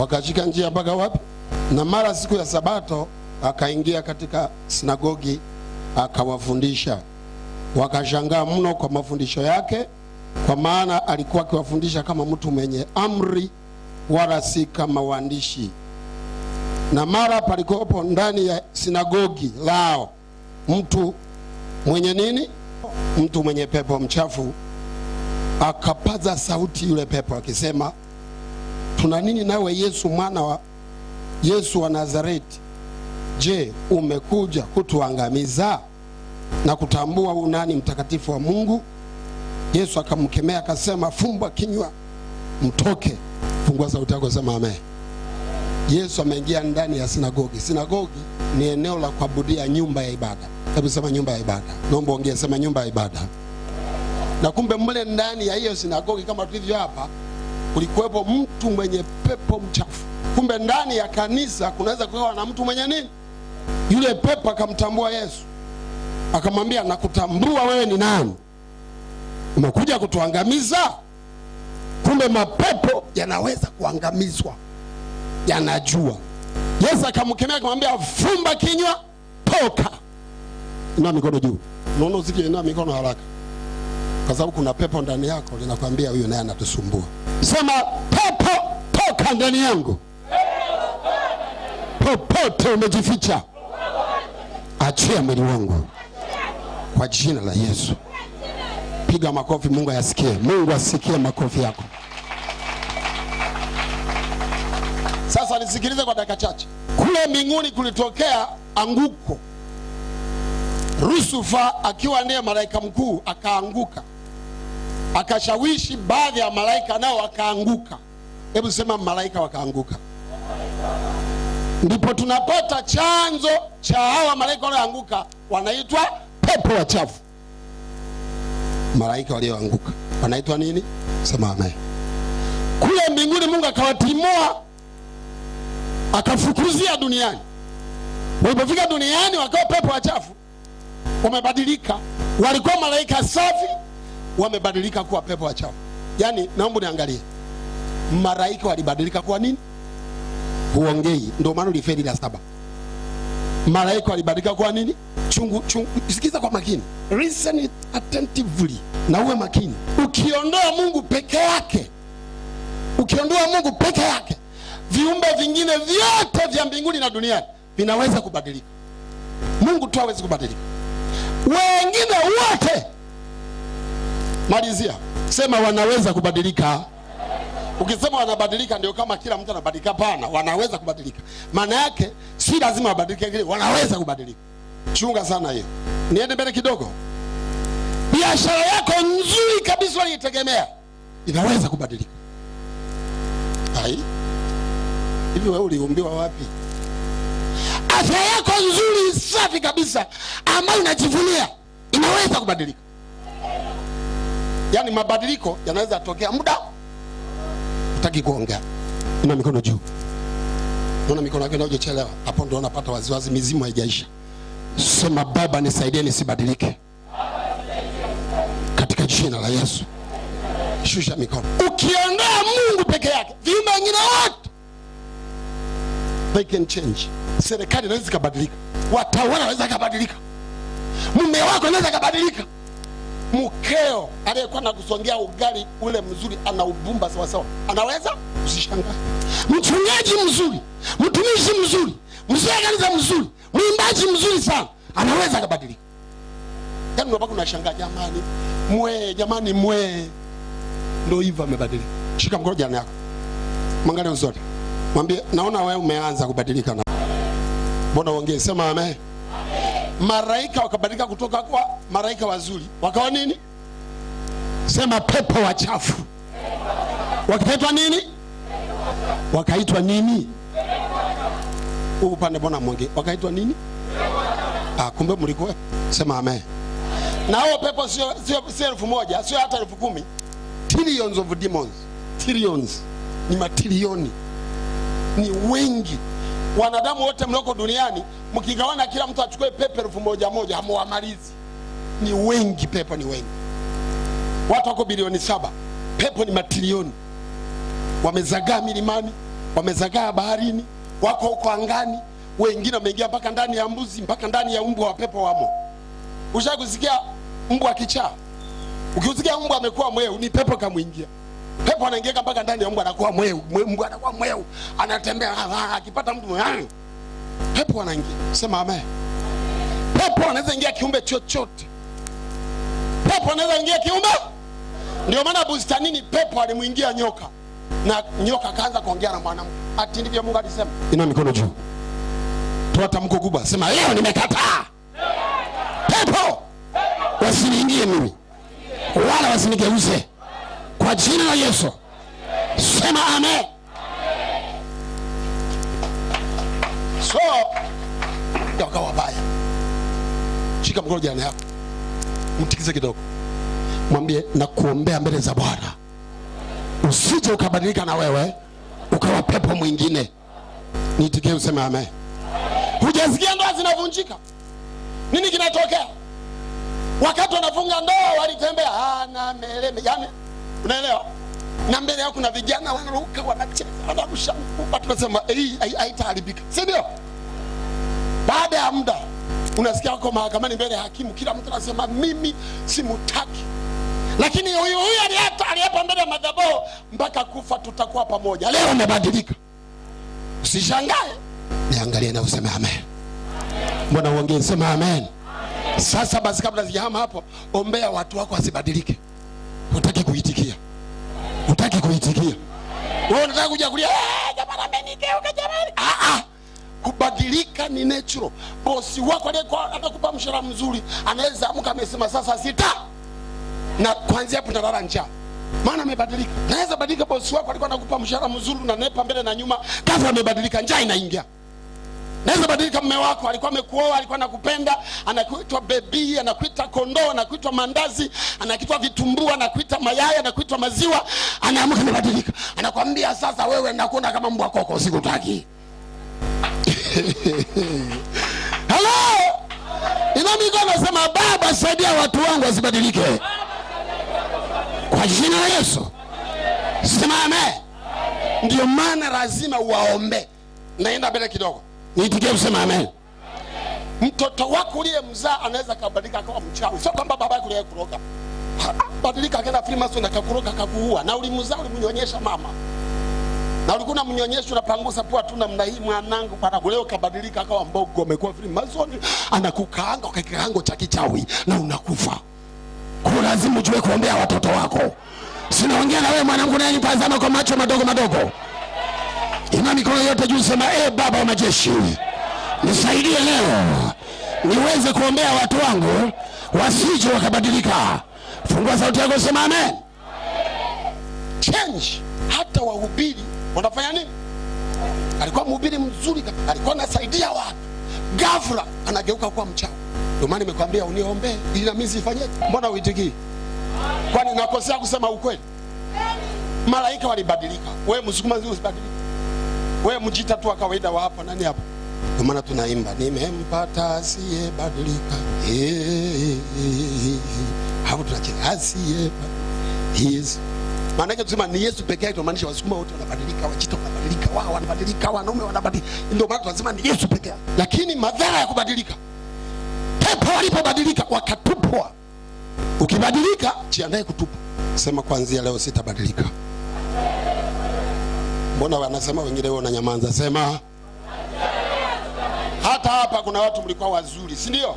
wakashika njia mpaka wapi, na mara siku ya Sabato akaingia katika sinagogi akawafundisha. Wakashangaa mno kwa mafundisho yake, kwa maana alikuwa akiwafundisha kama mtu mwenye amri, wala si kama waandishi. Na mara palikopo ndani ya sinagogi lao mtu mwenye nini, mtu mwenye pepo mchafu, akapaza sauti yule pepo akisema tuna nini nawe Yesu mwana wa Yesu wa Nazareti? Je, umekuja kutuangamiza? Na kutambua huu nani mtakatifu wa Mungu? Yesu akamkemea akasema, fumba kinywa, mtoke. Fungua sauti yako, sema amen. Yesu ameingia ndani ya sinagogi. Sinagogi ni eneo la kuabudia, nyumba ya ibada. Hebu sema nyumba ya ibada, naomba ongea, sema nyumba ya ibada. Na kumbe mle ndani ya hiyo sinagogi, kama tulivyo hapa kulikuwepo mtu mwenye pepo mchafu. Kumbe ndani ya kanisa kunaweza kukawa na mtu mwenye nini? Yule pepo akamtambua Yesu, akamwambia nakutambua wewe ni nani, umekuja kutuangamiza. Kumbe mapepo yanaweza kuangamizwa, yanajua. Yesu akamkemea, akamwambia fumba kinywa, toka. Inua mikono juu. Naona usije inua mikono haraka, kwa sababu kuna pepo ndani yako linakwambia, huyu naye anatusumbua. Sema pepo toka ndani yangu, popote umejificha, achia mwili wangu kwa jina la Yesu. Piga makofi, Mungu ayasikie. Mungu asikie makofi yako. Sasa nisikilize kwa dakika chache. Kule mbinguni kulitokea anguko, Lusufa akiwa ndiye malaika mkuu akaanguka akashawishi baadhi ya malaika nao wakaanguka. Hebu sema malaika wakaanguka. Ndipo tunapata chanzo cha hawa malaika walioanguka, wanaitwa pepo wachafu. Malaika walioanguka wanaitwa nini? Sema amen. Kule mbinguni Mungu akawatimua akafukuzia duniani. Walipofika duniani wakawa pepo wachafu, wamebadilika. Walikuwa malaika safi wamebadilika kuwa pepo wachafu. Yaani, naomba niangalie, maraika walibadilika kuwa nini? Huongei, ndio maana ulifeli la saba. Malaika walibadilika kuwa nini? Chungu, chungu. Sikiza kwa makini, listen attentively, na uwe makini. Ukiondoa Mungu peke yake, ukiondoa Mungu peke yake, viumbe vingine vyote vya mbinguni na duniani vinaweza kubadilika. Mungu tu hawezi kubadilika, wengine wote Malizia, sema wanaweza kubadilika. Ukisema wanabadilika, ndio kama kila mtu anabadilika. Pana, wanaweza kubadilika, maana yake si lazima wabadilike, kile wanaweza kubadilika. Chunga sana hiyo. Niende mbele kidogo. Biashara yako nzuri kabisa uliitegemea inaweza kubadilika. Hai, hivi wewe uliumbiwa wapi? Afya yako nzuri safi kabisa ambayo unajivunia inaweza kubadilika yani mabadiliko yanaweza kutokea muda. Nataki kuongea. Una mikono juu. Una mikono yako inayochelewa. Hapo ndio unapata waziwazi mizimu haijaisha. Sema Baba nisaidie nisibadilike. Katika jina la Yesu. Shusha mikono. Ukiongea Mungu peke yake, viumbe wengine wote they can change. Serikali inaweza kubadilika. Watawala wanaweza kubadilika. Mume wako anaweza kubadilika mkeo aliyekuwa nakusongea ugali ule mzuri anaubumba sawasawa, anaweza usishangae. Mchungaji mzuri, mtumishi mzuri, mzee kanisa mzuri, mwimbaji mzuri sana, anaweza akabadilika. Yani unapaka unashangaa, jamani mwe, jamani mwe, ndo hivyo amebadilika. Shika mkono jana yako, mwangalie uzuri, mwambie naona wewe umeanza kubadilika. Na mbona uongee, sema amen maraika wakabadilika kutoka kwa maraika wazuri wakawa nini? Sema pepo wachafu. Wakaitwa nini? Wakaitwa nini? Huu upande bwana mwonge? Wakaitwa nini? Ah, kumbe mlikuwa. Sema amen. Na hao pepo sio sio elfu moja, sio hata elfu kumi. Trillions of demons. Trillions. Ni matrilioni, Ni wengi wanadamu wote mlioko duniani mkigawana, kila mtu achukue pepe elfu moja moja, hamuwamalizi. Ni wengi, pepo ni wengi. Watu wako bilioni saba, pepo ni matrilioni. Wamezagaa milimani, wamezagaa baharini, wako huko angani, wengine wameingia mpaka ndani ya mbuzi, mpaka ndani ya mbwa wa pepo wamo. kusikia mbwa kichaa? Ukiusikia mbwa amekuwa mweu, ni pepo kamwingia pepo anaingia mpaka ndani ya mbwa, anakuwa mweu, mbwa anakuwa mweu, anatembea akipata mtu pepo anaingia. Sema amen. Pepo anaweza ingia kiumbe chochote, pepo anaweza ingia kiumbe. Ndio maana bustanini pepo alimuingia nyoka na nyoka akaanza kuongea na mwanamke, ati ndivyo Mungu alisema. Ina mikono juu, toa tamko kubwa, sema leo nimekataa pepo, wasiingie mimi wala wasinigeuze kwa jina la Yesu, sema amen. So wakawa wabaya, shika mkono jirani yako, mtikize kidogo, mwambie na kuombea mbele za Bwana, usije ukabadilika na wewe ukawa pepo mwingine. Niitikie useme amen. Hujasikia ndoa zinavunjika, nini kinatokea? Wakati wanafunga ndoa walitembea ana ah, mele, yani unaelewa? Na mbele yao kuna vijana wanaruka, wanacheza, wanarusha mkupa, tunasema hii haitaharibika, si ndio? Baada ya muda unasikia wako mahakamani mbele ya hakimu, kila mtu anasema mimi simutaki, lakini huyu huyu aliapa, aliapa mbele ya madhabahu mpaka kufa tutakuwa pamoja. Leo amebadilika, usishangae. Niangalie na useme amen. Mbona uongee, sema amen. Sasa basi, kabla sijahama hapo, ombea watu wako wasibadilike kuitikia, utaki kuitikia. Wewe unataka kuja kulia, eh, jamani amenigeuka jamani. Ah ah, kubadilika ni natural. Bosi wako aliyekuwa atakupa mshahara mzuri anaweza amka amesema sasa sita, na kuanzia hapo utalala njaa, maana amebadilika. Naweza badilika. Bosi wako alikuwa anakupa mshahara mzuri, nepa mbele na nyuma, Kafa amebadilika, njaa inaingia. Naweza badilika. mume wako alikuwa amekuoa, alikuwa anakupenda, anakuitwa bebii, anakuita kondoo, anakuitwa mandazi, anakuitwa vitumbua, anakuita mayai, anakuitwa maziwa, anaamka anabadilika, anakwambia sasa, wewe nakuona kama mbwa koko, sikutaki. Hello, inamiko anasema, Baba saidia watu wangu wasibadilike, kwa jina la Yesu, sema amen. Ndio maana lazima uwaombe. Naenda mbele kidogo Niitikie usema amen. Mtoto wako uliye mzaa anaweza kabadilika akawa mchawi, sio kwamba baba yako uliye kuroga badilika, akaenda na kakuroga akakuua, na ulimzaa ulimnyonyesha mama na ulikuwa unamnyonyesha unapangusa pua tu namna hii, mwanangu bana, leo kabadilika akawa mbogo, amekuwa Freemason, anakukaanga kwa kikango cha kichawi na unakufa. Kwa lazima ujue kuombea watoto wako. Sinaongea na wewe mwanangu, naye nipazama kwa macho madogo madogo. Inua mikono yote juu, sema e Baba wa majeshi, nisaidie leo niweze kuombea watu wangu wasije wakabadilika. Fungua sauti yako, sema amen. Change. Hata wahubiri wanafanya nini? Alikuwa mhubiri mzuri, alikuwa anasaidia watu, ghafla anageuka kuwa mchawi. Ndio maana nimekwambia uniombe ili na mimi sifanyeje. Mbona uitiki? Kwani nakosea kusema ukweli? Malaika walibadilika, wewe msukuma usibadilike. We mjita tu kawaida wa hapa nani hapa? Ndio maana tunaimba nimempata asiyebadilika, eh, hapo tunacheka asiye Yesu. Maana yake tunasema ni Yesu pekee yake, tunamaanisha Wasukuma wote wanabadilika, Wachita wanabadilika, wao wanabadilika, wanaume wanabadilika. Ndio maana tunasema ni Yesu pekee yake. Lakini madhara ya kubadilika, pepo walipobadilika wakatupwa. Ukibadilika, jiandae kutupwa. Sema kuanzia leo sitabadilika. Mbona wanasema wengine na nyamanza Sema hata hapa kuna watu mlikuwa wazuri, si ndio?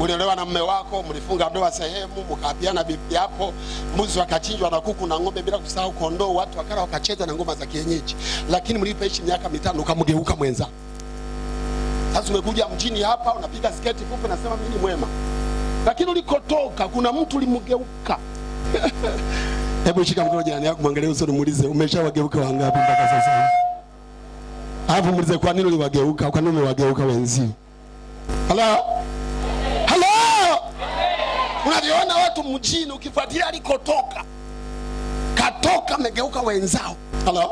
Uliolewa na mume wako, mlifunga ndoa sehemu, mkaapiana bibi yako, mbuzi wakachinjwa na kuku na ng'ombe, bila kusahau kondoo, watu wakala wakacheza na ngoma za kienyeji, lakini mlipoishi miaka mitano ukamgeuka mwenza. Sasa umekuja mjini hapa unapiga sketi fupi, nasema mimi ni mwema, lakini ulikotoka kuna mtu ulimgeuka Hebu shika mkono jirani yako, mwangalie usoni, muulize umeshawageuka wangapi mpaka sasa? hivi? Alafu muulize kwa nini uliwageuka, kwa nini umewageuka wenzio? Hello? Hello? Unaviona watu mjini, ukifuatilia alikotoka katoka, amegeuka wenzao. Hello?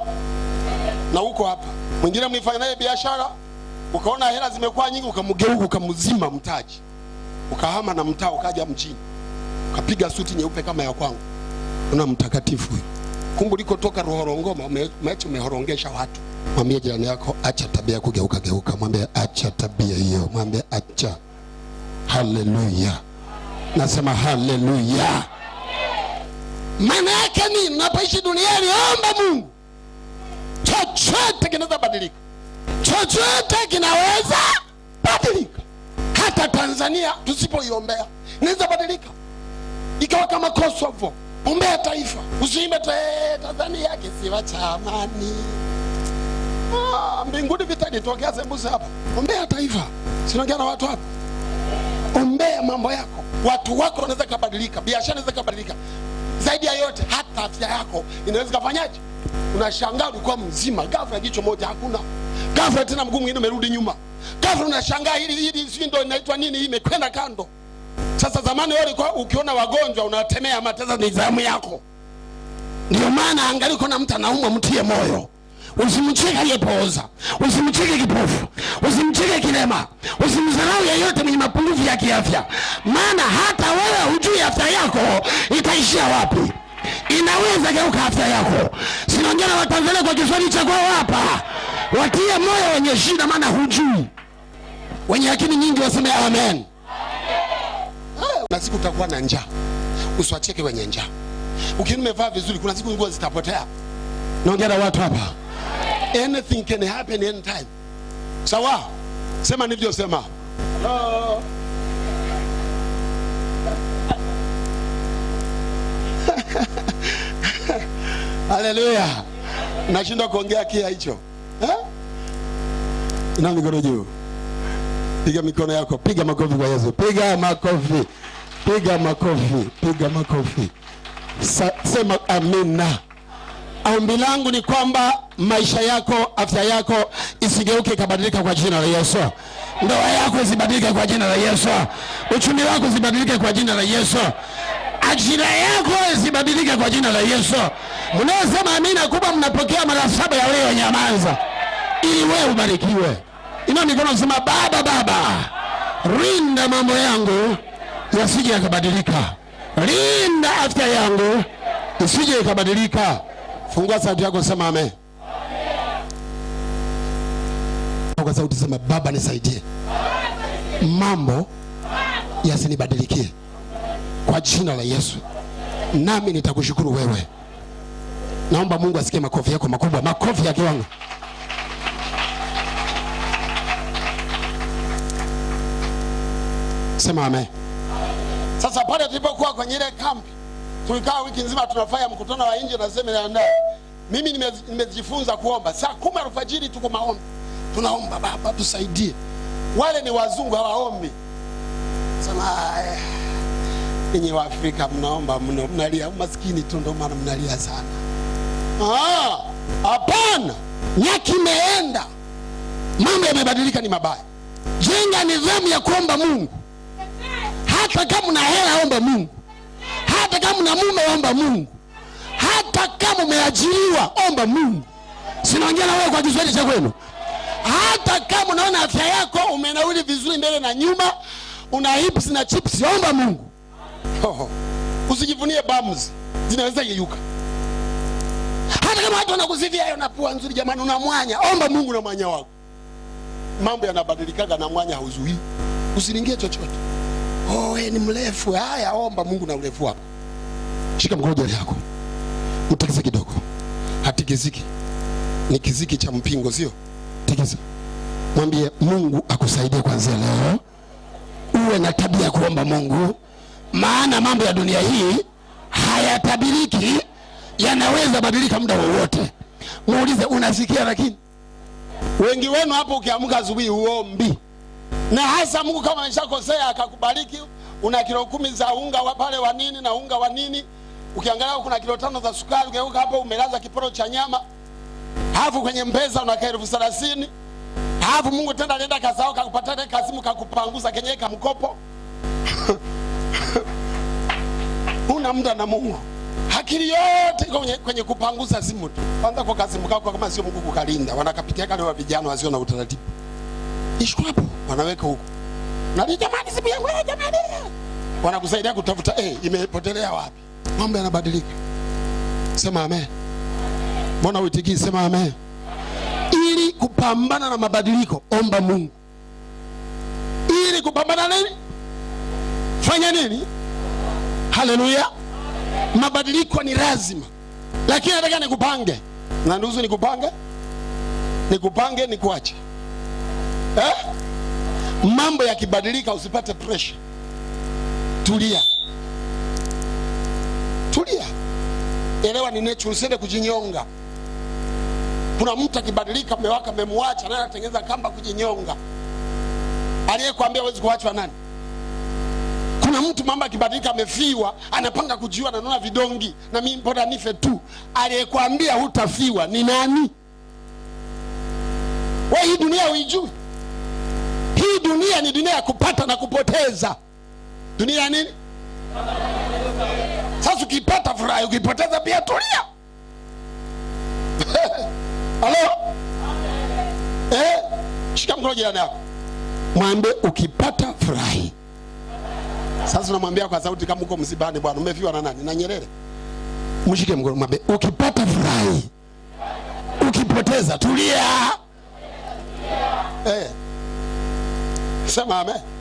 Na huko hapa mwingine mlifanya naye biashara, ukaona hela zimekuwa nyingi, ukamgeuka, ukamzima mtaji, ukahama na mtaa, ukaja mjini, ukapiga suti nyeupe kama ya kwangu una mtakatifu huyu. Kumbe ulikotoka Ruhorongoma macho umehorongesha watu. Mwambie jirani yako, acha tabia ya kugeuka geuka, mwambie acha tabia hiyo, mwambie acha. Haleluya, nasema haleluya. Maana yake ni Napoishi duniani, omba Mungu, chochote kinaweza badilika, chochote kinaweza badilika. Hata Tanzania tusipoiombea inaweza badilika ikawa kama Kosovo. Ombea taifa, usiimbe Tanzania yake kisiwa cha amani. Ah, mbinguni vita nitokea sembuse hapa. Ombea taifa, sinaongea na watu hapa. Ombea mambo yako, watu wako wanaweza kubadilika, biashara inaweza kubadilika. Zaidi ya yote, hata afya yako inaweza kufanyaje? Unashangaa ulikuwa mzima, ghafla jicho moja hakuna, ghafla tena mguu mwingine umerudi nyuma, ghafla unashangaa hili hili, sio ndio inaitwa nini, imekwenda kando. Sasa zamani wewe ulikuwa ukiona wagonjwa unawatemea mate, sasa ni zamu yako. Ndio maana angalia, kuna mtu anaumwa, mtie moyo. Usimcheke aliyepooza, usimcheke kipofu, usimcheke kilema, usimdharau yeyote mwenye mapungufu ya kiafya, maana hata wewe hujui afya yako itaishia wapi, inaweza geuka afya yako. Sinaongea na Watanzania kwa Kiswahili cha kwao hapa, watie moyo wenye shida, maana hujui. Wenye akili nyingi waseme amen kuna siku utakuwa na njaa, usiwacheke wenye njaa. Ukiwa umevaa vizuri, kuna siku nguo zitapotea. Naongea na watu hapa, anything can happen anytime. Sawa, sema sema. Hello. Haleluya. Nashindwa kuongea kia hicho na mikono juu, piga mikono yako, piga makofi kwa Yesu, piga makofi. Piga makofi, piga makofi. Sa, sema amina. Ombi langu ni kwamba maisha yako, afya yako isigeuke ikabadilika kwa jina la Yesu. Ndoa yako zibadilike kwa jina la Yesu. Uchumi wako zibadilike kwa jina la Yesu. Ajira yako zibadilike kwa jina la Yesu. Mnaosema amina kubwa, mnapokea mara saba ya leo, nyamaza ili wewe ubarikiwe. Ina mikono, sema Baba, Baba, rinda mambo yangu yasije yakabadilika. Linda afya yangu isije ikabadilika. Fungua sauti yako, sema amen. Kwa sauti sema, Baba nisaidie mambo yasinibadilikie kwa jina la Yesu, nami nitakushukuru wewe. Naomba Mungu asikie makofi yako makubwa, makofi ya kiwango. Sema amen. Sasa pale tulipokuwa kwenye ile kambi, tulikaa wiki nzima tunafanya mkutano wa nje na semina ya ndani. Mimi nimejifunza nime kuomba saa kumi alfajiri, tuko maombi, tunaomba Baba tusaidie. Wale ni wazungu hawaombi, sema ninyi Afrika mnaomba mno, mnalia maskini tu, ndio maana mnalia sana. Ah, hapana, nyaki imeenda, mambo yamebadilika, ni mabaya. Jenga nidhamu ya kuomba Mungu. Hata kama una hela omba Mungu, hata kama una mume omba Mungu, hata kama umeajiriwa omba Mungu. Sinaongea na wewe kwa Kiswahili cha kwenu. Hata kama unaona afya yako umenauli vizuri mbele na nyuma, una hips na chips, omba Mungu. Usijivunie bums, zinaweza yeyuka. Hata kama watu wanakuzivia hayo na pua nzuri, jamani, una mwanya, omba Mungu na mwanya wako. Mambo yanabadilikaga na mwanya hauzuii. Usiningie chochote oh, we ni mrefu. Haya, omba Mungu na urefu wako. Shika mkono jari yako, mtikise kidogo. Hatikiziki, ni kiziki cha mpingo, sio? tikiza mwambie Mungu akusaidie kuanzia leo, uwe na tabia ya kuomba Mungu, maana mambo ya dunia hii hayatabiriki, yanaweza badilika muda wowote. Muulize, unasikia? Lakini wengi wenu hapo, ukiamka asubuhi uombi na hasa Mungu kama anashakosea akakubariki, una kilo kumi za unga wa pale wa nini na unga wa nini, ukiangalia kuna kilo tano za sukari, ugeuka hapo umelaza kiporo cha nyama, halafu kwenye mbeza una elfu thelathini halafu Mungu tena alienda kazao kakupata kasimu kakupanguza kenye ka mkopo una muda na Mungu, akili yote kwenye, kwenye kupanguza simu tu. Kwanza kwa kasimu kako kama sio Mungu kukalinda, wanakapitia kale wa vijana wasio na utaratibu. Ishkwapo wanaweka huko na jamani, simu yangu jamani, wanakusaidia kutafuta eh, hey, imepotelea wapi? Mambo yanabadilika. Sema amen. Mbona uitiki? Sema amen. Ili kupambana na mabadiliko, omba Mungu. Ili kupambana nini? Fanya nini? Haleluya! Mabadiliko ni lazima, lakini nataka nikupange na nduzu, nikupange nikupange, nikuache eh? Mambo yakibadilika usipate pressure, tulia tulia, elewa ni nature, usiende kujinyonga. Kuna mtu akibadilika, mmewaka memwacha, naye anatengeneza kamba kujinyonga. Aliyekwambia huwezi kuachwa nani? Kuna mtu mambo akibadilika, amefiwa, anapanga kujiua, nanona vidongi, na mimi mbona nife tu. Aliyekwambia hutafiwa ni nani? Wewe hii dunia uijui hii dunia ni dunia ya kupata na kupoteza. Dunia ya nini? Sasa ukipata furahi, ukipoteza pia tulia. Halo, eh, shika mkono jirani yako mwambie, ukipata furahi. Sasa unamwambia kwa sauti, kama uko msibani, bwana umefiwa na nani? Na Nyerere. Mshike mkono, mwambie, ukipata furahi, ukipoteza tulia. Eh. Sema amen.